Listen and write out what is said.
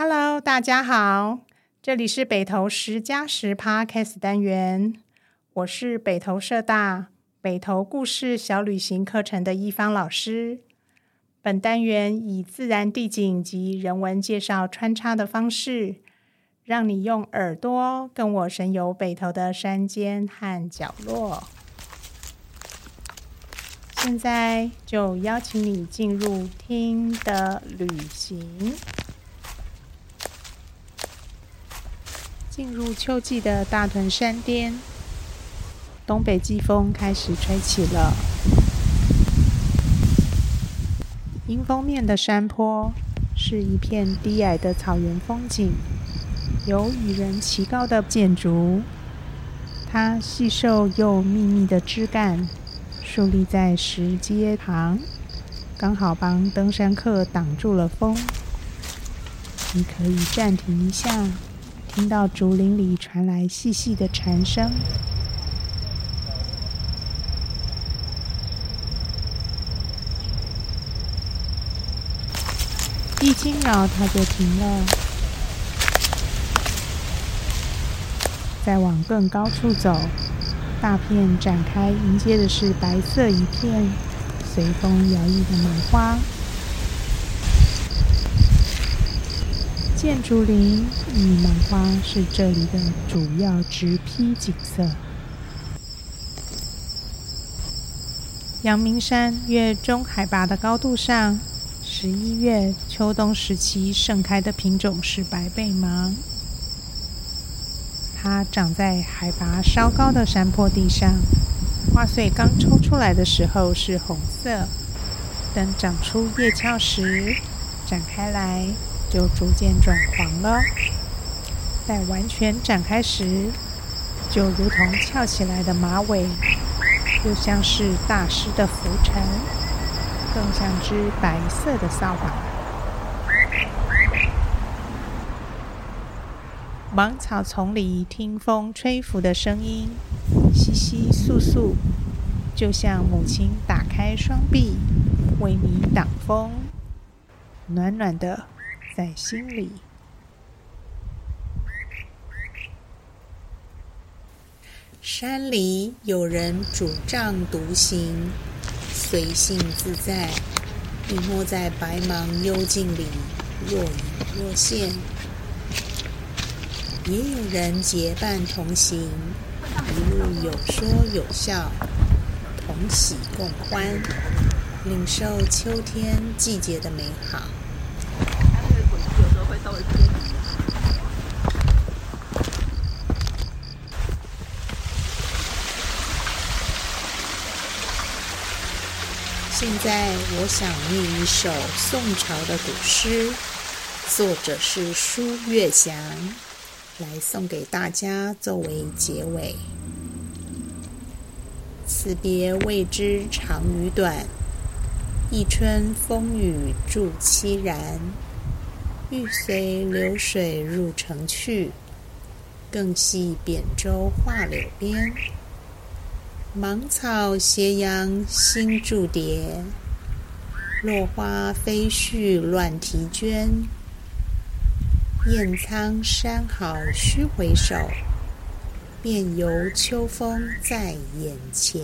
Hello，大家好，這裡是北投十加十 Podcast 單元，我是北投社大北投故事小旅行課程的伊芳老師。本單元以自然地景及人文介紹穿插的方式，讓你用耳朵跟我神遊北投的山間和角落。現在就邀請你進入聽的旅行。進入秋季的大屯山巔，東北季風開始吹起了。迎風面的山坡是一片低矮的草原風景，有與人齊高的箭竹，它細瘦又密密的枝幹豎立在石階旁，剛好幫登山客擋住了風。你可以暫停一下。聽到竹林裡傳來細細的蟬聲，一驚擾它就停了。再往更高處走，大片展開，迎接的是白色一片，隨風搖曳的芒花。箭竹林、芒花是這裡的主要植披景色。陽明山月中海拔的高度上，十一月秋冬時期盛開的品種是白背芒。它長在海拔稍高的山坡地上，花穗剛抽出來的時候是紅色，等長出葉鞘時展開來。就逐漸轉黃了。待完全展開時，就如同翹起來的馬尾，又像是大師的拂塵，更像只白色的掃把。芒草叢裡聽風吹拂的聲音，稀稀簌簌，就像母親打開雙臂為你擋風，暖暖的。在心裡。山裡有人拄杖獨行，隨性自在；隱沒在白芒幽徑裡，若隱若現。也有人結伴同行，一路有說有笑，同喜共歡，領受秋天季節的美好。現在我想念一首宋朝的古詩，作者是舒岳祥，來送給大家作為結尾。此別未知長與短，一春風雨助淒然。欲隨流水入城去，更繫扁舟話柳邊。芒草斜陽新住蝶，落花飛絮亂啼鵑。雁蒼山好須回首，便由秋風在眼前。